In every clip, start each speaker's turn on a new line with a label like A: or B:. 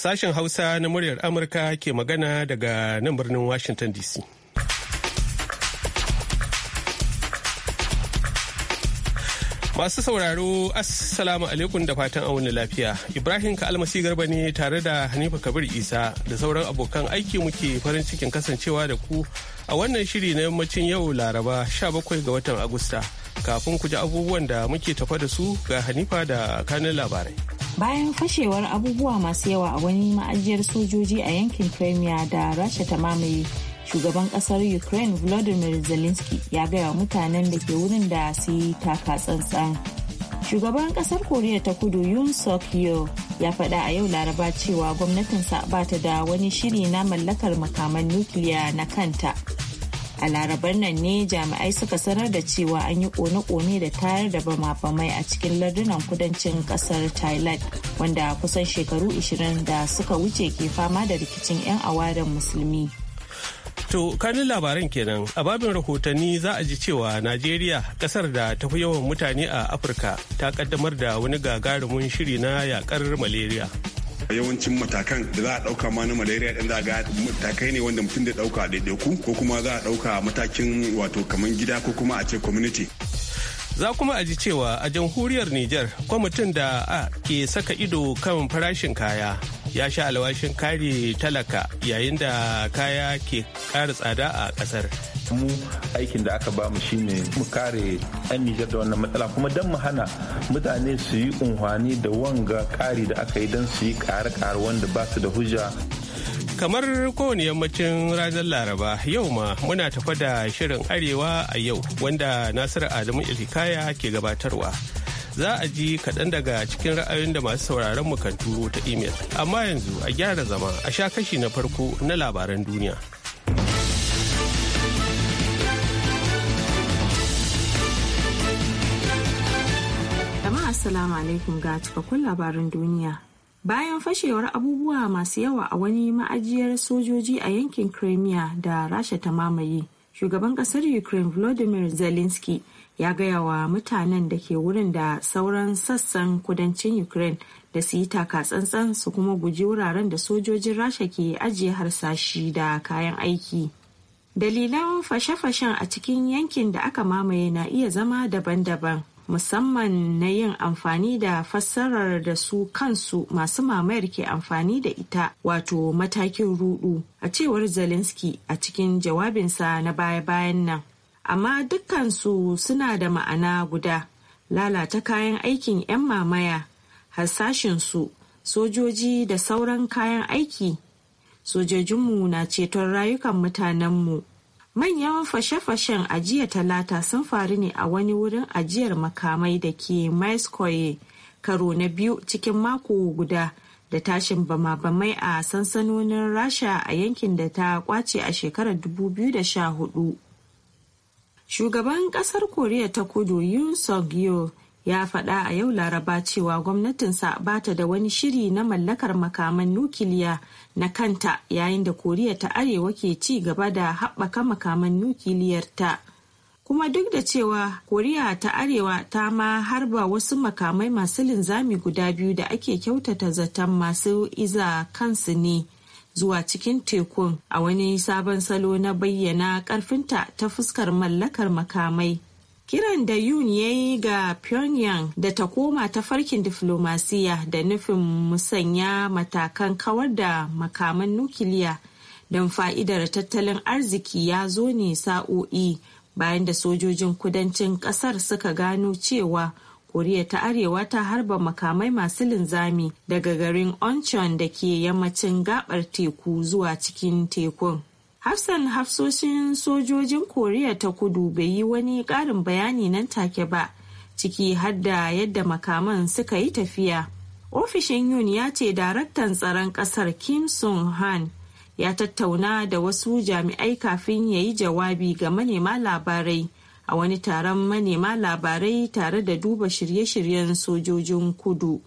A: Sashen Hausa na muryar Amurka ke magana daga nan birnin Washington DC. Masu sauraro, Assalamu alaikum da fatan wani lafiya. Ibrahim ka'almasi Garba ne tare da Hanifa Kabir Isa da sauran abokan aiki muke farin cikin kasancewa da ku a wannan shiri na yammacin yau Laraba 17 ga watan Agusta. kafin ku ji abubuwan da muke tafa da su ga Hanifa da kanin labarai.
B: Bayan fashewar abubuwa masu yawa a wani ma'ajiyar sojoji a yankin Crimea da Rasha ta mamaye, shugaban kasar Ukraine Volodymyr Zelensky ya gaya mutanen da ke wurin da su yi taka tsantsan. Shugaban kasar Koriya ta kudu Yoon Suk Yeol ya faɗa a yau laraba cewa gwamnatinsa ba ta da wani shiri na mallakar makaman nukiliya na kanta. a larabar nan ne jami'ai suka sanar da cewa an yi kone-kone da tayar da bama-bamai a cikin lardunan kudancin kasar thailand wanda kusan shekaru 20 da suka wuce ke fama da rikicin 'yan awadan musulmi
A: To kanin labaran kenan a babin rahotanni za a ji cewa Najeriya kasar da ta fi yawan mutane a Afirka ta kaddamar da wani gagarumin shiri na yakar malaria.
C: yawancin matakan da za a ɗauka ma na malaria din za ga matakai ne wanda mutum da ɗauka daidaiku ko kuma za a ɗauka matakin wato kaman gida ko kuma a ce community.
A: Za kuma a ji cewa a jamhuriyar Nijar kwamitin da ke saka ido kan farashin kaya ya sha alwashin kare talaka yayin da kaya ke kara tsada a ƙasar.
D: mu aikin da aka ba mu shine mu kare 'yan nijar da wannan matsala kuma don mu hana mutane su yi unhwani da wanga kari da aka yi don su yi kare-kare wanda ba su da hujja
A: kamar kowane yammacin ranar laraba yau ma muna tafa da shirin arewa a yau wanda nasiru adamu Ilikaya ke gabatarwa za a ji kaɗan daga cikin ra'ayoyin da masu sauraron mu kan turo ta imel amma yanzu a gyara zama a sha kashi na farko na labaran duniya
B: jama'a assalamu alaikum ga cikakkun labaran duniya bayan fashewar abubuwa masu yawa a wani ma'ajiyar sojoji a yankin crimea da rasha ta mamaye shugaban kasar ukraine volodymyr zelensky ya gaya wa mutanen da ke wurin da sauran sassan kudancin ukraine da su yi takatsantsan tsantsan su kuma guji wuraren da sojojin rasha ke ajiye harsashi da kayan aiki dalilan fashe-fashen a cikin yankin da aka mamaye na iya zama daban-daban musamman na yin amfani da fassarar da su kansu masu mamayar ke amfani da ita wato matakin rudu a cewar zelensky a cikin jawabinsa na baya-bayan nan amma dukkansu suna da ma'ana guda lalata kayan aikin 'yan mamaya harsashinsu sojoji da sauran kayan aiki sojojinmu na ceton rayukan mutanenmu manyan fashe-fashen ajiya talata sun faru ne a wani wurin ajiyar makamai da ke maiskoye karo na biyu cikin mako guda da tashin bama-bamai a sansanonin rasha a yankin da ta kwace a shekarar 2014 Shugaban kasar Koriya ta kudu Yoon suk yeol ya faɗa a yau laraba cewa gwamnatinsa ba ta da wani shiri na mallakar makaman nukiliya na kanta yayin da Koriya ta arewa ke ci gaba da haɓaka makaman nukiliyar ta Kuma duk da cewa Koriya ta arewa ta ma harba wasu makamai masu linzami guda biyu da ake kyautata zaton masu iza kansu ne. zuwa cikin tekun a wani sabon salo na bayyana karfinta ta fuskar mallakar makamai kiran da yun ya yi ga pyongyang da ta koma ta farkin diflomasiya da nufin musanya matakan kawar da makaman nukiliya don fa'idar tattalin arziki ya zo ne sa'o'i bayan da sojojin kudancin ƙasar suka gano cewa koriya ta arewa ta harba makamai masu linzami daga garin onchon da ke yammacin gabar teku zuwa cikin tekun hafsan hafsoshin sojojin koriya ta kudu bai yi wani ƙarin bayani nan take ba ciki har da yadda makaman suka yi tafiya ofishin yun ya ce daraktan tsaron ƙasar kim sung han ya tattauna da wasu jami'ai kafin ya yi jawabi ga manema labarai a wani taron manema labarai tare da duba shirye-shiryen sojojin kudu.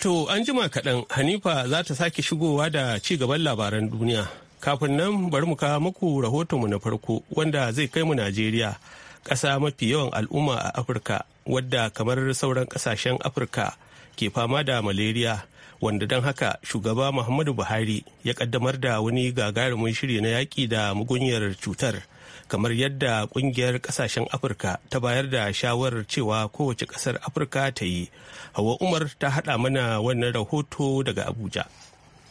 A: To an jima kaɗan Hanifa za ta sake shigowa da ci gaban labaran duniya. Kafin nan bari mu kawo muku rahotonmu na farko wanda zai kai mu Najeriya, ƙasa mafi yawan al'umma a Afirka, wadda kamar sauran ƙasashen Afirka ke fama da malaria. wanda don haka shugaba muhammadu buhari ya kaddamar da wani gagarumin shiri na yaƙi da mugunyar cutar kamar yadda kungiyar kasashen afirka ta bayar da shawarar cewa kowace ƙasar afirka ta yi hawa umar ta haɗa mana wannan rahoto daga abuja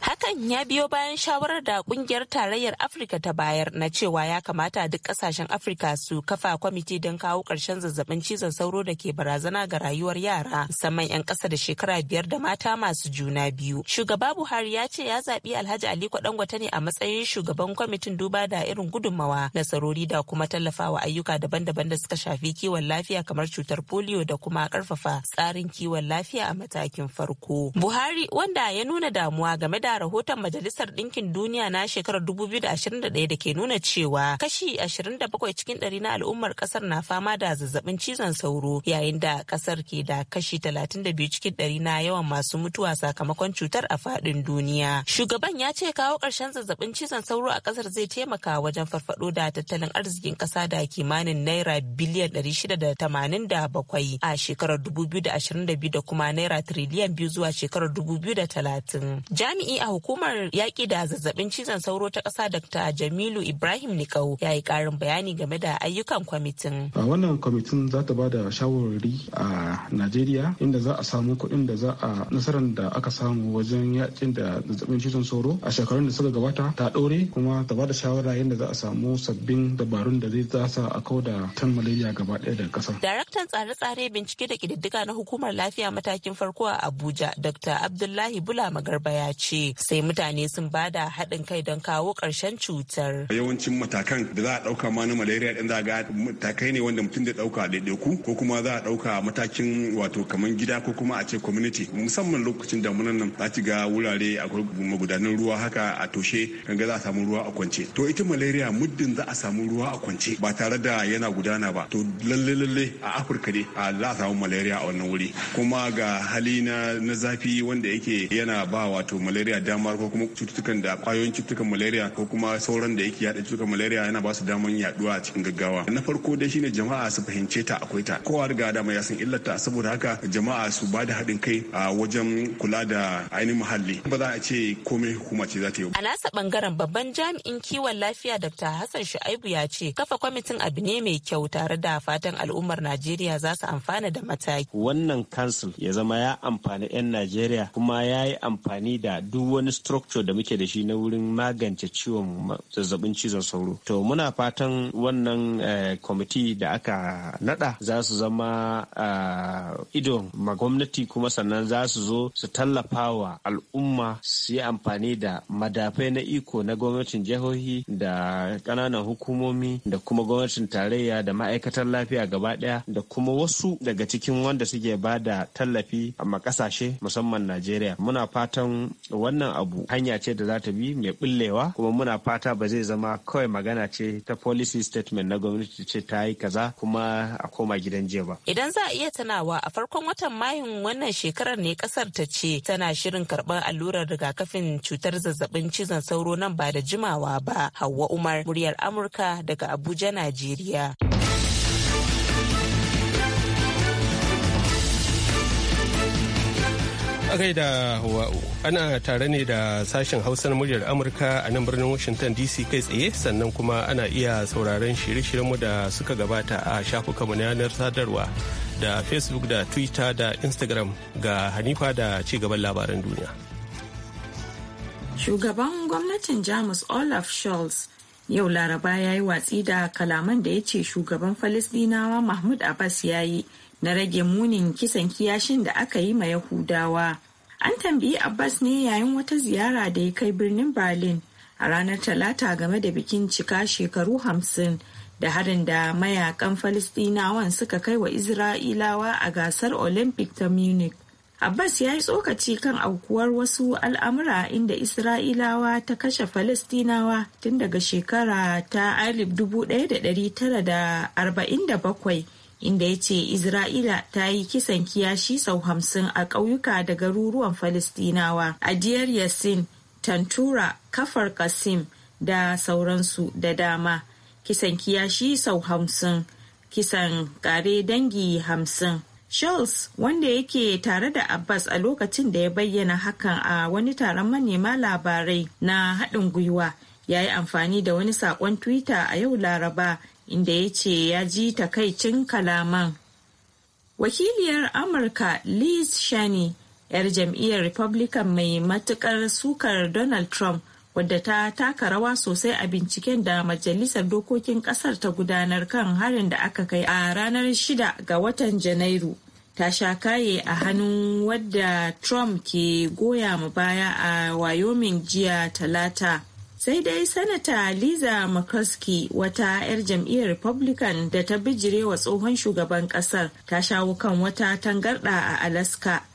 B: Hakan ya biyo bayan shawarar da kungiyar tarayyar Afirka ta bayar na cewa ya kamata duk kasashen Afirka su kafa kwamiti don kawo ƙarshen zazzabin cizon sauro da ke barazana ga rayuwar yara musamman 'yan ƙasa da shekara biyar da mata masu juna biyu. Shugaba Buhari ya ce ya zaɓi Alhaji Aliko Dangote ne a matsayin shugaban kwamitin duba da irin gudunmawa nasarori da kuma tallafawa ayyuka daban-daban da suka shafi kiwon lafiya kamar cutar polio da kuma ƙarfafa tsarin kiwon lafiya a matakin farko. Buhari wanda ya nuna damuwa game da da rahoton Majalisar Ɗinkin Duniya na shekarar 2021 da ke nuna cewa kashi 27 cikin ɗari na al'ummar ƙasar na fama da zazzabin cizon sauro yayin da ƙasar ke da kashi 32 cikin ɗari na yawan masu mutuwa sakamakon cutar a faɗin duniya. Shugaban ya ce kawo ƙarshen zazzabin cizon sauro a ƙasar zai taimaka wajen farfaɗo da tattalin arzikin ƙasa da kimanin naira biliyan 687 a shekarar 2022 da kuma naira tiriliyan biyu zuwa shekarar 2030. Jami'i a hukumar yaƙi da zazzabin cizon sauro ta ƙasa Dr. Jamilu Ibrahim Nikau ya yi ƙarin bayani game da ayyukan kwamitin.
A: A wannan kwamitin za ta ba da shawarwari a Najeriya inda za a samu kuɗin da za a nasarar da aka samu wajen yaƙin da zazzabin cizon sauro a shekarun da suka gabata ta ɗore kuma ta ba da shawara yadda za a samu sabbin dabarun da zai zasa a kau da tan malaria gaba ɗaya da ƙasa.
B: Daraktan tsare-tsare bincike da ƙididdiga na hukumar lafiya matakin farko a Abuja Dr. Abdullahi Bula Magarba ya ce. sai mutane sun bada haɗin kai don kawo ƙarshen cutar.
C: Yawancin matakan da za a ɗauka ma na malaria ɗin za ga matakai ne wanda mutum da ɗauka ɗaiɗaiku ko kuma za a ɗauka matakin wato kamar gida ko kuma a ce community musamman lokacin damunan nan za ga wurare akwai magudanan ruwa haka a toshe kan ga za a samu ruwa a kwance. To ita malaria muddin za a samu ruwa a kwance ba tare da yana gudana ba to lalle lalle a Afirka ne a za a samu malaria a wannan wuri kuma ga hali na zafi wanda yake yana ba wato malaria damar ko kuma cututtukan da kwayoyin cututtukan malaria ko kuma sauran da yake yada cututtukan malaria yana ba su damar yaduwa a cikin gaggawa na farko dai shine jama'a su fahimce ta akwai ta kowa riga da mai san ta saboda haka jama'a su ba da haɗin kai a wajen kula da ainihin muhalli ba za a ce komai hukuma ce
A: za ta yi a
B: nasa bangaren babban jami'in kiwon lafiya dr hassan shu'aibu ya ce kafa kwamitin abu ne mai kyau tare da fatan al'ummar najeriya za su amfana da mataki
A: wannan kansil ya zama ya amfani 'yan najeriya kuma ya yi amfani da duk wani structure da muke da shi na wurin magance ciwon zazzabin cizon sauro to muna fatan wannan eh, kwamiti da aka nada za su zama eh, idon ma gwamnati kuma sannan za su zo su tallafa wa al'umma su yi amfani da madafai na iko na gwamnatin jihohi da ƙananan hukumomi da kuma gwamnatin tarayya da ma'aikatar lafiya gaba ɗaya da kuma wasu daga cikin wanda suke ba da tallafi a ƙasashe musamman najeriya muna fatan wannan wannan abu hanya ce da za ta bi mai bullewa kuma muna fata ba zai zama kawai magana ce ta policy statement na gwamnati ce ta yi kaza kuma a koma gidan jiya ba.
B: Idan za a iya tunawa a farkon watan Mayun wannan shekarar ne kasar ta ce tana shirin karɓar allurar rigakafin cutar zazzabin cizon sauro nan ba da jimawa ba. Hauwa Umar muryar Amurka daga Abuja, Najeriya.
A: A gaida ana tare ne da sashen Hausa na muryar Amurka a nan birnin Washington DC kai tsaye sannan kuma ana iya sauraron shirye-shiryenmu da suka gabata a shafukanmu na yanar sadarwa da Facebook da Twitter da Instagram ga Hanifa da cigaban labaran duniya.
B: Shugaban gwamnatin Jamus Olaf Scholz yau laraba ya yi watsi da kalaman da ya ce shugaban falisdinawa mahmud abbas ya yi na rage munin kisan kiyashin da aka yi ma yahudawa an tambayi abbas ne yayin wata ziyara da ya kai birnin berlin a ranar talata game da bikin cika shekaru hamsin da harin da mayakan falisdinawan suka kai wa isra'ilawa a gasar olympic ta munich Abbas ya yi tsokaci kan aukuwar wasu al'amura inda Isra'ilawa ta kashe Falastinawa tun daga shekara ta 1947 inda ya ce Isra'ila ta yi kisan kiyashi sau hamsin a ƙauyuka da garuruwan Falastinawa a Diyar Yassin, Tantura, Kafar Kasim da sauransu da dama. Kisan kiyashi sau hamsin, kisan kare dangi hamsin. Charles wanda yake tare da Abbas a lokacin da ya bayyana hakan a wani taron manema labarai na haɗin gwiwa ya yi amfani da wani saƙon Twitter a yau Laraba inda ya ce ya ji takaicin kalaman. Wakiliyar Amurka Liz Shani, 'yar jam'iyyar Republican mai matuƙar sukar Donald Trump wadda ta taka rawa sosai a binciken da majalisar dokokin kasar ta gudanar kan harin da aka kai a ranar shida ga watan janairu ta sha kaye a hannun wadda trump ke goya mu baya a wyoming jiya talata sai dai sanata liza mccluskey wata 'yar jam'iyyar republican da ta bijirewa tsohon shugaban kasar ta shawo kan wata tangarda a alaska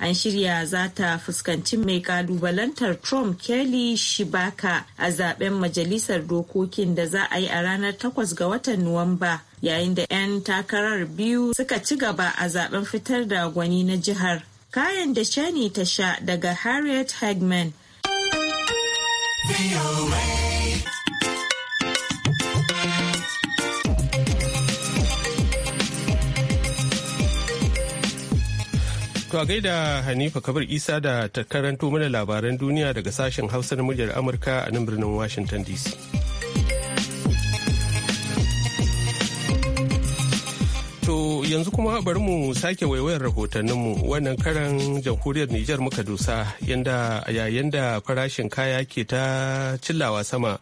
B: an shirya za ta fuskanci mai kalubalantar trump kelly shibaka a zaben majalisar dokokin da za a yi a ranar 8 ga watan nuwamba yayin da 'yan takarar biyu suka ci gaba a zaben fitar da gwani na jihar kayan da shani ta sha daga harriet hagman
A: To a gaida Hanifa Kabir Isa da ta karanto mana labaran duniya daga sashen Hausa na muryar Amurka a nan birnin Washington DC. yanzu kuma bari mu sake waiwayar rahotanninmu wannan karan jamhuriyar Nijar muka dusa yanda yayin da farashin kaya ke ta cillawa sama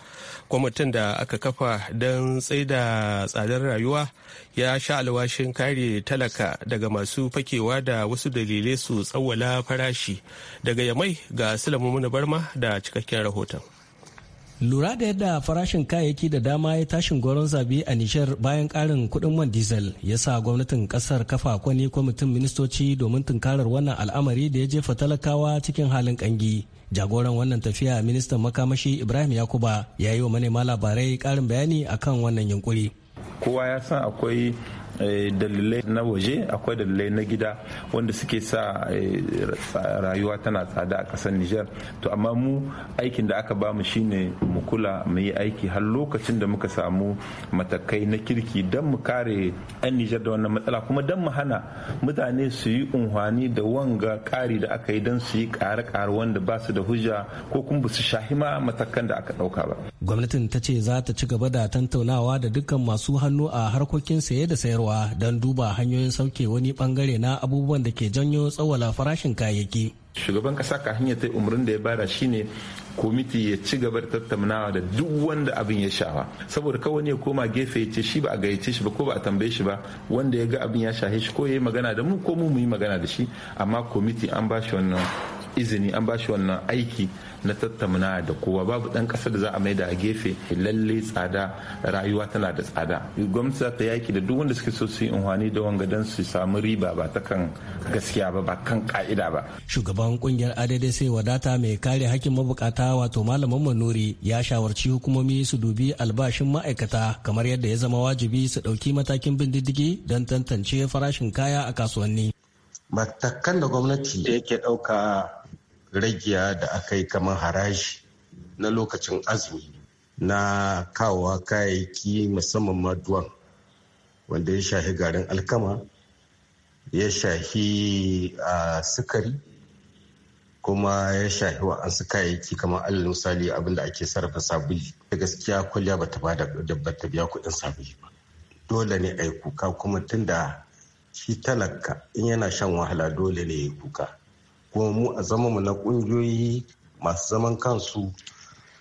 A: kwamitin da aka kafa don tsaida tsadar rayuwa ya sha alwashin kare talaka daga masu fakewa da wasu dalilai su tsawwala farashi daga yamai ga silamu barma da cikakken rahoton.
E: lura da yadda farashin kayayyaki da dama ya tashin goron zabi a nishar bayan karin kudin man diesel ya sa gwamnatin kasar kafa kwani kwamitin ministoci domin tunkarar wannan al'amari da ya jefa talakawa cikin halin kangi jagoran wannan tafiya ministan makamashi ibrahim yakuba ya yi wa manema labarai karin bayani akan wannan yunkuri
D: kowa ya san akwai Eh, dalilai na waje akwai dalilai na gida wanda suke sa eh, rayuwa tana tsada a ƙasar Nijar to amma mu aikin da aka bamu shine mu kula mu yi aiki har lokacin da muka samu matakai na kirki don mu kare 'yan Nijar da wannan matsala kuma don mu hana mutane su yi unhwani da wanga kari da aka yi don su yi ƙare kare wanda ba su da hujja ko kuma ba su shahima matakan da aka ɗauka ba.
E: Gwamnatin ta ce za ta ci gaba da tattaunawa da dukkan masu hannu a harkokin saye da sayarwa gudanarwa don duba hanyoyin sauke wani bangare na abubuwan da ke janyo tsawala farashin kayayyaki.
D: Shugaban kasa ka hanyar ta umarnin da ya bada shine komiti ya ci gaba da tattaunawa da duk wanda abin ya shafa saboda kawai ya koma gefe ya ce shi ba a gayyace shi ba ko ba a tambaye shi ba wanda ya ga abin ya shahe shi ko ya yi magana da mu ko mu yi magana da shi amma komiti an ba shi wannan izini an bashi wannan aiki na tattauna da kowa babu dan kasa da za a maida a gefe lalle tsada rayuwa tana da tsada gwamnati za ta yaki da duk wanda suke so su yi unhwani da wangadan su samu riba ba ta kan gaskiya ba ba kan ka'ida ba
E: shugaban kungiyar adade sai wadata mai kare hakkin mabukata wato malamin manori ya shawarci hukumomi su dubi albashin ma'aikata kamar yadda ya zama wajibi su dauki matakin bin diddigi don tantance farashin kaya a kasuwanni matakan da gwamnati da yake ɗauka ragiya da aka yi kamar haraji na lokacin azumi na kawowa kayayyaki musamman maduwan wanda ya shahi garin alkama ya shahi a sukari kuma ya shahi wa'ansu kayayyaki kamar alal misali abinda ake sarrafa sabuli da gaskiya kwalliya bata ba da biya kuɗin sabuli ba dole ne a yi kuka kuma tunda shi talaka in yana shan wahala dole ne ya kuka kuma mu a mu na ƙungiyoyi masu zaman kansu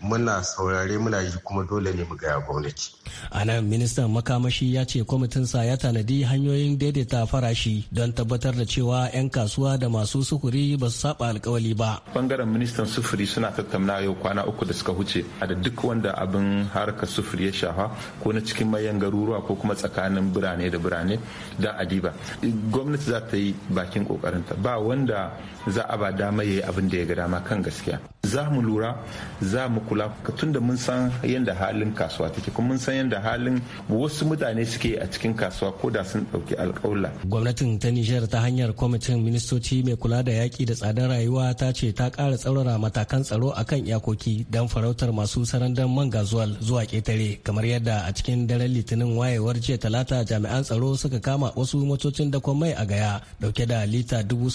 E: muna saurare muna yi kuma dole ne mu gaya gwamnati. A ministan makamashi ya ce kwamitinsa ya tanadi hanyoyin daidaita farashi don tabbatar da cewa 'yan kasuwa da masu sufuri ba su saba alkawali ba.
D: Bangaren ministan sufuri suna tattauna yau kwana uku da suka huce da duk wanda abin harkar sufuri ya shafa ko na cikin mayan garuruwa ko kuma tsakanin birane da birane da adiba. Gwamnati za ta yi bakin kokarinta ba wanda za a ba dama ya yi abin da ya ga dama kan gaskiya. Za mu lura za mu kula tunda mun san yadda halin kasuwa take kuma mun san yadda halin wasu mutane suke a cikin kasuwa ko da sun ɗauki alkawla.
E: Gwamnatin ta Nijar ta hanyar kwamitin ministoci mai kula da yaki da tsadar rayuwa ta ce ta kara tsaurara matakan tsaro a kan iyakoki don farautar masu sarandan man gazuwal zuwa ƙetare kamar yadda a cikin daren litinin wayewar jiya talata jami'an tsaro suka kama wasu motocin dakon mai a gaya dauke da lita dubu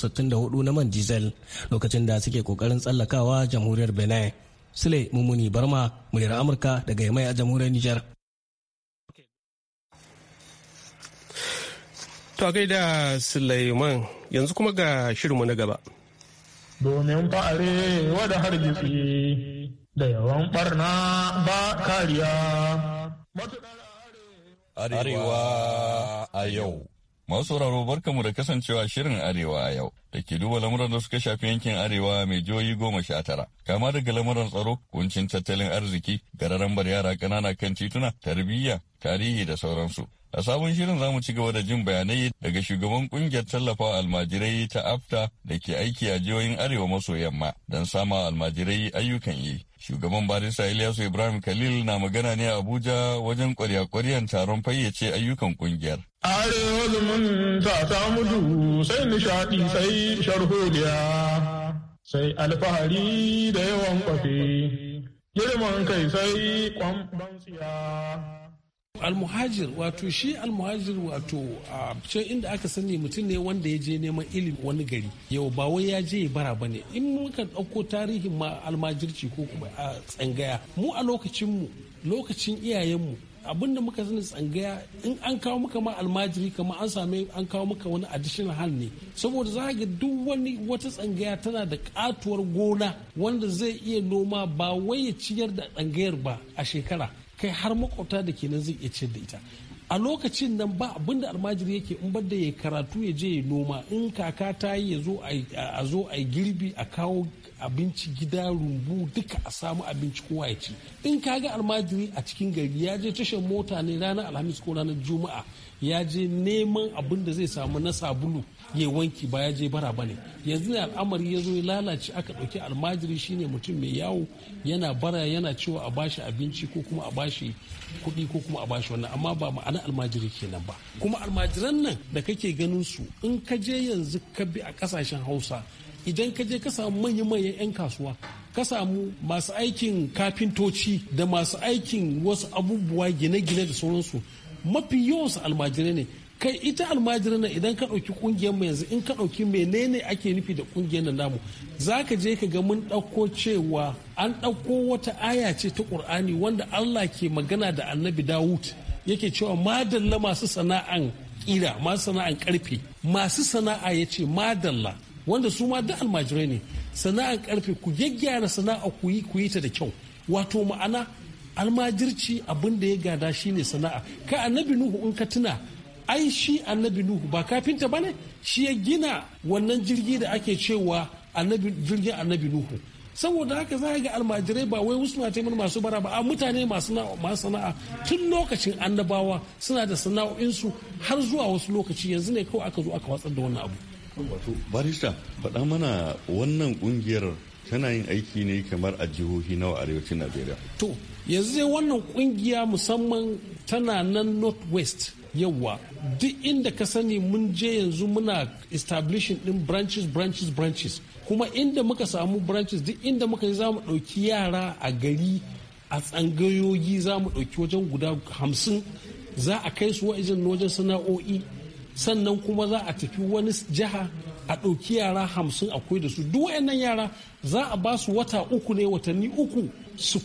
E: na man diesel lokacin da suke kokarin tsallakawa jamhuriyar benin Sule Mumuni Barma, muryar Amurka daga Yamai a jamhuriyar Nijar.
A: To gaida suleiman yanzu kuma ga shirinmu na gaba. Domin fa'are wada hargitsi da yawan barna ba kariya.
F: Arewa a yau. Masu sauraro barkamu da kasancewa shirin Arewa a yau. da ke duba lamuran da suka shafi yankin arewa mai jihohi goma sha tara kama daga lamuran tsaro kuncin tattalin arziki gararan bar yara ƙanana kan tituna tarbiyya tarihi da sauransu A sabon shirin za mu ci gaba da jin bayanai daga shugaban kungiyar tallafa almajirai ta AFTA da ke aiki a jihohin Arewa maso yamma don sama almajirai ayyukan yi. Shugaban Barista Ilyasu Ibrahim Khalil na magana ne a Abuja wajen kwarya-kwaryan taron fayyace ayyukan kungiyar.
G: Arewa zumunta ta mudu sai nishaɗi sai sharholiya sai alfahari da yawan kwafe.
H: Girman kai sai kwamban tsiya. almuhajir wato shi almuhajir wato a can inda aka sani mutum ne wanda ya je neman ilimi wani gari yau ba wai ya je ya bara ba ne in muka ɗauko tarihin ma almajirci ko kuma a tsangaya mu a lokacinmu lokacin iyayenmu abin da muka sani tsangaya in an kawo muka ma almajiri kama an same an kawo muka wani additional hal ne saboda za ga duk wani wata tsangaya tana da katuwar gona wanda zai iya noma ba wai ya ciyar da tsangayar ba a shekara kai har makwabta da kenan zai iya ciyar da ita a lokacin nan ba abin da almajiri yake in da ya karatu ya je ya noma in kaka ta yi ya a zo a girbi a kawo abinci gida rumbu duka a samu abinci kowa ya ci in ka ga almajiri a cikin gari ya je tashar mota ne ranar alhamis ko ranar juma'a ya je neman abin da zai samu na sabulu ya wanki ba ya je bara ba ne yanzu ne al'amari ya zo ya lalace aka ɗauki almajiri shine mutum mai yawo yana bara yana cewa a bashi abinci ko kuma a bashi kuɗi ko kuma a bashi wannan amma ba ma'ana almajiri kenan ba kuma almajiran nan da kake ganin su in ka je yanzu ka bi a kasashen hausa idan ka je ka samu manya-manyan 'yan kasuwa ka samu masu aikin kafintoci da masu aikin wasu abubuwa gine-gine da sauransu mafi yawansu almajirai ne kai ita almajirai nan idan ka ɗauki ƙungiyar mu yanzu in ka ɗauki menene ake nufi da ƙungiyar nan namu za ka je ka ga mun ɗauko cewa an ɗauko wata aya ce ta ƙur'ani wanda Allah ke magana da annabi Dawud yake cewa madalla masu sana'an ƙira masu sana'an ƙarfe masu sana'a ya ce madalla wanda su ma da almajirai ne sana'an karfe ku gyaggyara sana'a ku yi ku yi ta da kyau wato ma'ana almajirci abin da ya gada shi ne sana'a ka annabi nuhu in ka tuna ai shi annabi nuhu ba kafinta ba ne shi ya gina wannan jirgi da ake cewa annabi jirgin annabi nuhu saboda haka za a ga almajirai ba wai wasu na masu bara ba a mutane masu sana'a tun lokacin annabawa suna da sana'o'insu har zuwa wasu lokaci yanzu ne kawai aka zo aka watsar da wannan abu
F: barista faɗa mana wannan ƙungiyar tana yin aiki ne kamar a jihohi nawa arewacin najeriya
H: to yanzu zai wannan kungiya musamman tana nan northwest yawa duk inda ka sani mun je yanzu muna establishing din branches branches branches kuma inda muka samu branches duk inda muka yi za mu ɗauki yara a gari a tsangayoyi za mu ɗauki wajen guda hamsin za a kai su wa'izin wajen sana'o'i sannan kuma za a tafi wani jiha a ɗauki yara hamsin akwai da su duk wayannan yara za a ba su wata uku ne watanni uku su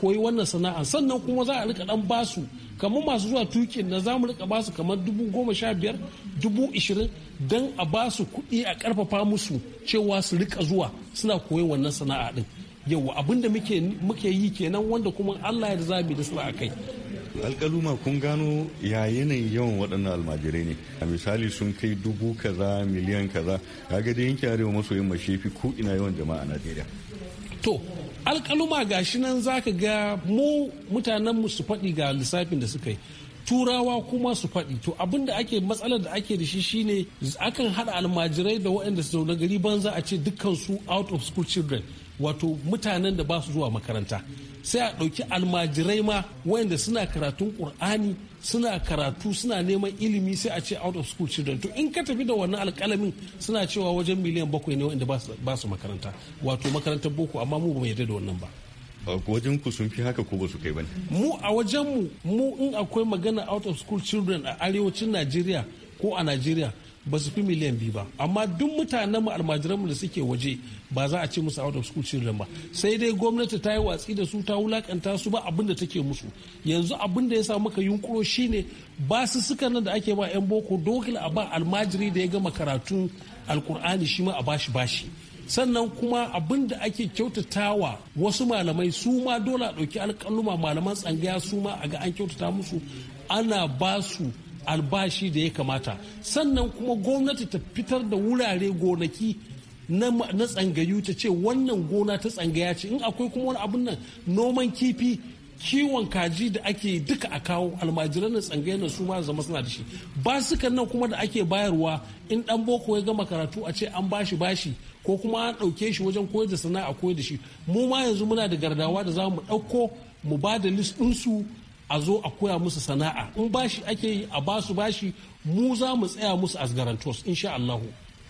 H: koyi wannan sana'a sannan kuma za a rika dan basu kamar masu zuwa tukin na za mu rika basu kamar dubu goma sha biyar dubu ishirin don a basu kuɗi a ƙarfafa musu cewa su rika zuwa suna koyi wannan sana'a din yau abinda muke yi kenan wanda kuma allah ya za mu da a kai
F: alkaluma kun gano ya yanayin yawan waɗannan almajirai ne a misali sun kai dubu kaza miliyan kaza ga dai yanki arewa maso yamma shefi ko ina yawan jama'a a najeriya
H: to alkaluma gashi nan zaka ga mu mutanenmu su faɗi ga lissafin da suka yi turawa kuma su faɗi to abin da ake matsalar da ake da shi shine akan haɗa almajirai da waɗanda su zaune gari banza a ce dukkan su out of school children wato mutanen da ba su zuwa makaranta sai a ɗauki almajirai ma waɗanda suna karatun ƙur'ani suna karatu suna neman ilimi sai a ce out of school children to in ka tafi da wannan alƙalamin suna cewa wajen miliyan bakwai ne waɗanda ba su makaranta wato makarantar boko amma mu ba yarda da wannan ba
F: Uh, wajen ku sun fi haka ko ba su kai ba
H: mu a wajen mu mu in akwai magana out of school children a arewacin najeriya ko a najeriya ba su fi miliyan biyu ba amma duk mutanen mu almajiran mu da suke waje ba za a ce musu out of school children ba sai dai gwamnati ta yi watsi da su ta wulakanta su ba abin da take musu yanzu abin da ya sa muka yunkuro shine ba su suka nan da ake ba yan boko dokila a ba almajiri da ya gama karatun alkur'ani shi ma a bashi bashi sannan kuma abin da ake kyautatawa wasu malamai su ma dole a ɗauki alƙaluma malaman tsangaya su ma a ga an kyautata musu ana ba su albashi da ya kamata sannan kuma gwamnati ta fitar da wurare gonaki na tsangayu ta ce wannan gona ta tsangaya ce in akwai kuma wani abin nan noman kifi kiwon kaji da ake duka a kawo almajiran tsangayen na su ma zama suna da shi basukan nan kuma da ake bayarwa in dan boko ya gama karatu a ce an bashi bashi ko kuma an dauke shi wajen koyar da sana'a koyar da shi mu ma yanzu muna da gardawa da za mu ɗauko mu ba da list ɗinsu a zo a koya musu sana'a in bashi ake yi a basu bashi mu za mu tsaya musu asgarantos garantos insha Allahu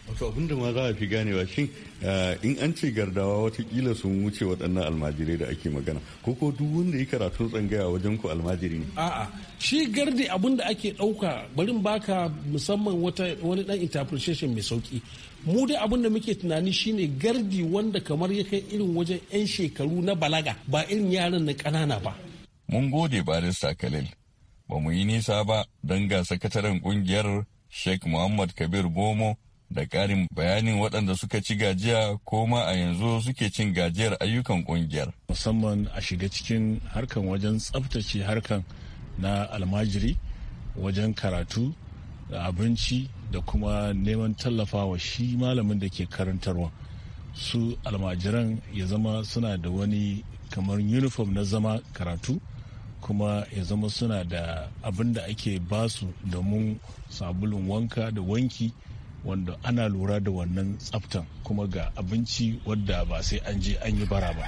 F: wato abin da ma za a fi ganewa shin eh, in an ce gardawa watakila sun wuce waɗannan almajirai da ake magana ko ko duk wanda ya karatun tsangaya wajen ku almajiri ne
H: a'a shi gardi abin da ake ɗauka barin baka musamman wata wani dan interpretation mai sauki mu dai abin da muke tunani shine gardi wanda kamar ya kai irin wajen 'yan shekaru na balaga ba irin yaran na ƙanana ba
F: mun gode barista sakalil ba mu yi nisa ba don ga sakataren kungiyar sheikh muhammad kabir bomo da ƙarin bayanin waɗanda suka ci gajiya ko ma a yanzu suke cin gajiyar ayyukan ƙungiyar. Musamman
G: a shiga cikin harkan wajen tsaftace harkan na almajiri wajen karatu da abinci da kuma neman tallafawa shi malamin da ke karantarwa. Su almajiran ya zama suna da wani kamar uniform na zama karatu kuma ya zama suna da abin da ake basu domin sabulun wanka da wanki wanda ana lura da wannan tsaftan kuma ga abinci wadda ba sai an je an yi bara ba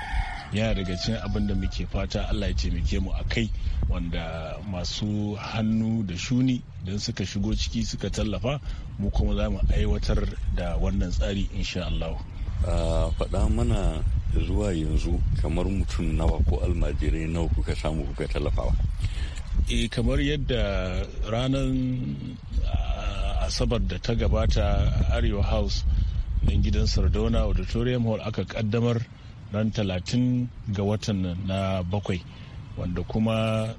G: yana daga cikin abin da muke fata allah ya taimake mu a kai wanda masu hannu da shuni don suka shigo ciki suka tallafa mu kuma za mu aiwatar da wannan tsari
F: insha allahu faɗa mana zuwa yanzu kamar mutum nawa ko almajirai nawa kuka samu kuka tallafawa eh, kamar yadda
G: ranar asabar da ta gabata arewa house don gidan sardauna auditorium hall aka kaddamar ran 30 ga watan na bakwai wanda kuma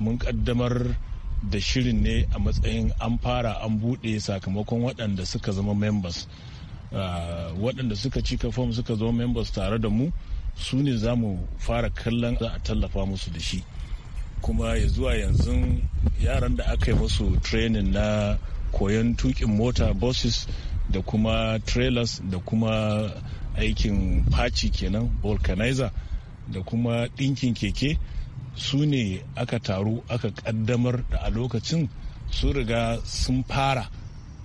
G: mun kaddamar da shirin ne a matsayin an fara an buɗe sakamakon waɗanda suka zama members ah, waɗanda suka cika fom suka zama members tare da mu su ne za mu fara kallon za a tallafa musu da shi kuma ya zuwa yanzu yaran da aka yi musu training na koyon tukin mota buses da kuma trailers da kuma aikin faci kenan vulcanizer da kuma ɗinkin keke su ne aka taru aka ƙaddamar da a lokacin su riga sun fara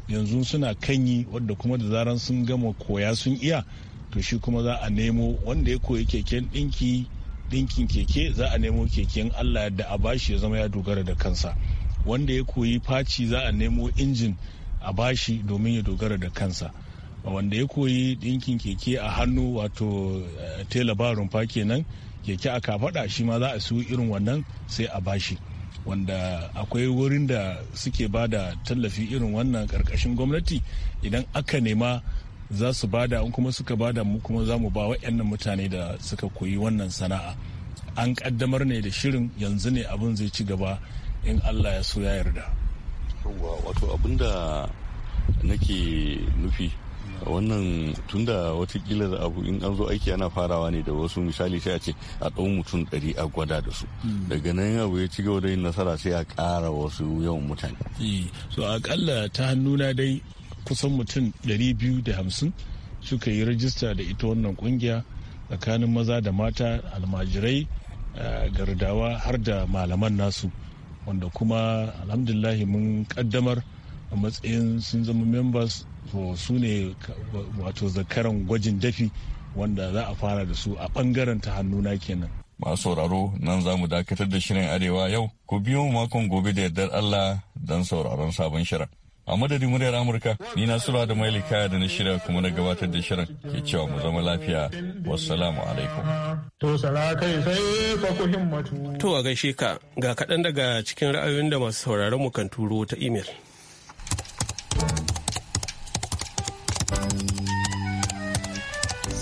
G: yanzu suna kanyi wadda kuma da zaran sun gama koya sun iya to shi kuma za a nemo wanda ya koyi keken ɗinki ɗinkin keke za a nemo keken allah yadda a bashi ya zama ya dogara da kansa wanda ya koyi faci za a nemo injin a bashi domin ya dogara da kansa wanda ya koyi ɗinkin keke a hannu wato eh, tela ba rumfa kenan keke a kafaɗa shi ma za a siyo irin wannan sai a bashi wanda akwai wurin da suke ba da tallafi irin wannan karkashin gwamnati idan aka nema za su ba da kuma suka da mu kuma za mu ba waɗannan mutane da suka koyi wannan sana'a an ƙaddamar ne da shirin yanzu ne abin zai ci gaba in allah ya so ya yarda
F: wato abinda nake nufi wannan tunda watakila abu in an zo aiki ana farawa ne da wasu misali sai a ce a ɗau mutum ɗari a gwada da su hmm. daga nan abu ya ci gaba da yin nasara sai a ƙara wasu yawan mutane
G: eh, so akalla ta hannuna dai kusan mutum ɗari biyu da hamsin suka yi rajista da ita wannan ƙungiya tsakanin maza da mata almajirai eh, gardawa har da malaman nasu wanda kuma alhamdulillahi mun kaddamar a matsayin sun zama members ko su ne wato zakaran gwajin dafi wanda za a fara da su a bangaren ta hannuna kenan
F: masu sauraro nan za mu dakatar da shirin arewa yau ku biyo makon gobe da yardar allah don sauraron sabon shirin A madadin muryar Amurka, ni na sura da kaya da na shirya kuma na gabatar da shirin ke cewa mu zama lafiya. Wassalamu alaikum.
A: To sai To a gaishe ka ga kaɗan daga cikin ra'ayoyin da masu sauraron mu kan turo ta imel.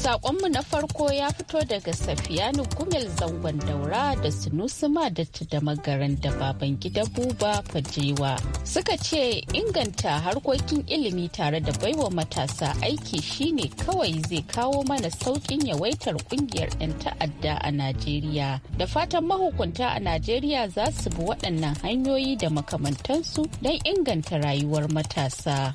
I: Sakonmu na farko ya fito daga Safiyanu Gumel zangon daura da Sinusuma da magaran da baban gida buba fajewa. Suka ce inganta harkokin ilimi tare da baiwa matasa aiki shine kawai zai kawo mana saukin yawaitar kungiyar 'yan ta'adda a Najeriya. Da fatan mahukunta a Najeriya za su bi waɗannan hanyoyi da makamantansu don inganta rayuwar matasa.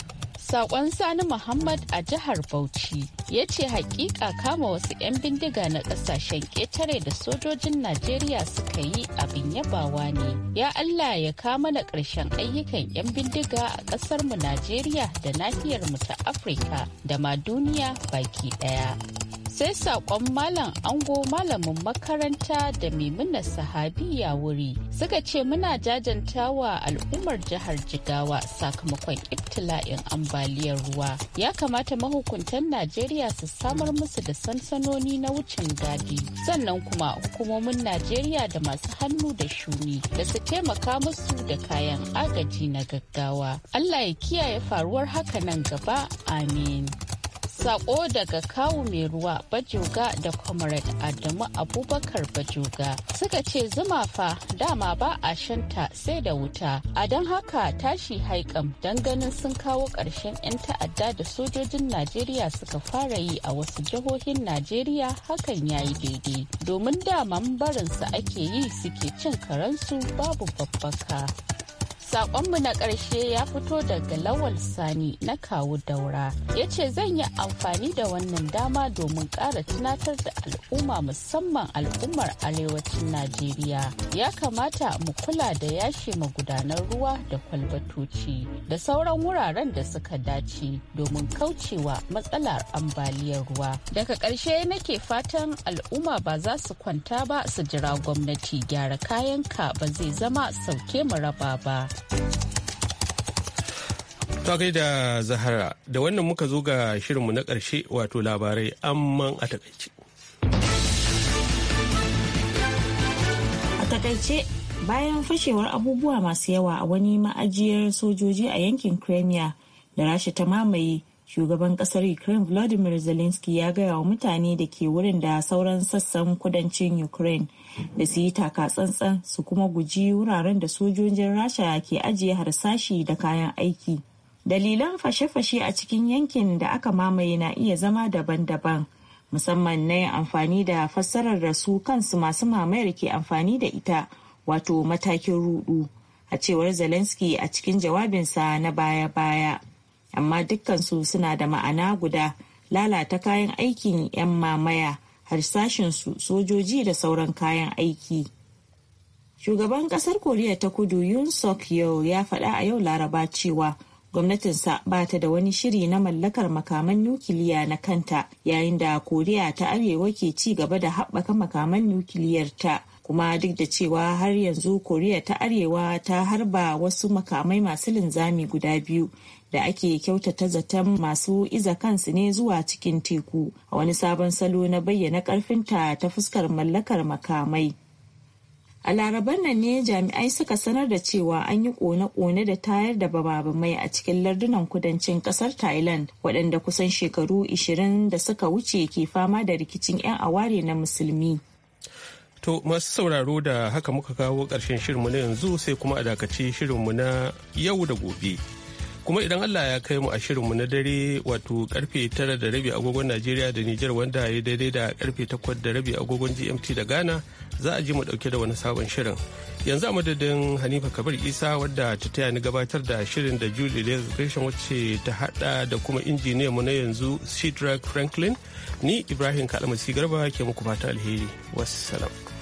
I: Sakon Sani Muhammad a jihar Bauchi ya ce hakika kama wasu 'yan bindiga na kasashen ƙetare da sojojin Najeriya suka yi abin yabawa ne. Ya Allah ya kama na ƙarshen ayyukan 'yan bindiga a ƙasarmu Najeriya da nahiyarmu ta Afirka da ma duniya baki ɗaya. sai saƙon malam ango malamin makaranta da maimuna sahabi ya wuri suka ce muna jajanta wa al'ummar jihar jigawa sakamakon ibtila'in ambaliyar ruwa ya kamata mahukuntan najeriya su samar musu da sansanoni na wucin gadi sannan kuma hukumomin najeriya da masu hannu da shuni da su taimaka musu da kayan agaji na gaggawa allah ya kiyaye faruwar haka nan gaba amin Sako daga kawu mai ruwa Bajoga da Comrade Adamu Abubakar Bajoga suka ce zuma fa dama ba a shanta sai da wuta. A don haka tashi haikam don ganin sun kawo ƙarshen 'yan ta'adda da sojojin Najeriya suka fara yi a wasu jihohin Najeriya hakan ya yi daidai. Domin dama barinsa ake yi suke cin karansu babu babbaka. Sakonmu na ƙarshe ya fito daga Lawal Sani na kawu daura. Ya ce zan yi amfani da wannan dama domin ƙara tunatar da al'umma musamman al'ummar arewacin Najeriya. Ya kamata mu kula da yashe magudanar ruwa da kwalbatoci da sauran wuraren da suka dace domin kaucewa matsalar ambaliyar ruwa. Daga ƙarshe nake fatan al'umma ba za su kwanta ba su jira gwamnati gyara kayan ka ba zai zama sauke mu raba ba.
A: ta kai da zahara da wannan muka zo ga shirinmu na ƙarshe wato labarai amma a takaice.
B: a takaice bayan fashewar abubuwa masu yawa a wani ma'ajiyar sojoji a yankin crimea da rasha ta mamaye shugaban kasar ukraine vladimir zelensky ya gaya wa mutane da ke wurin da sauran sassan kudancin ukraine da su yi taka tsantsan su kuma guji wuraren da sojojin rasha ke ajiye harsashi da kayan aiki dalilan fashe-fashe a cikin yankin da aka mamaye na iya zama daban-daban musamman na yin amfani da fassarar da su kansu masu mamayar ke amfani da ita wato matakin rudu a cewar zelensky a cikin jawabinsa na baya-baya amma dukkansu suna da ma'ana guda lalata kayan aikin 'yan mamaya harsashinsu sojoji da sauran kayan aiki shugaban kasar koriya ta kudu yun suk ya faɗa a yau laraba cewa gwamnatinsa ba ta da wani shiri na mallakar makaman nukiliya na kanta yayin da koriya ta arewa ke ci gaba da haɓaka makaman nukiliyar ta kuma duk da cewa har yanzu koriya ta arewa ta harba wasu makamai masu linzami guda biyu da ake kyautata zaton masu iza kansu ne zuwa cikin teku a wani sabon salo na bayyana karfinta ta fuskar mallakar makamai a larabar nan ne jami'ai suka sanar da cewa an yi kone-kone da tayar da bababamai a cikin lardunan kudancin kasar thailand waɗanda kusan shekaru 20 da suka wuce ke fama da rikicin 'yan aware na musulmi To
A: masu sauraro da haka muka kawo ƙarshen shirinmu na yanzu sai kuma a dakaci shirinmu na yau da gobe. kuma idan Allah ya kai mu a mu na dare wato karfe tara da rabi agogon Najeriya da Nijar wanda ya daidai da karfe takwas da rabi agogon GMT da Ghana za a ji mu dauke da wani sabon shirin. Yanzu a madadin Hanifa Kabir Isa wadda ta taya ni gabatar da shirin da Julie Lezgration wacce ta hada da kuma injiniya mu na yanzu Cedric Franklin ni Ibrahim Kalamasi Garba ke muku fata alheri. Wassalam.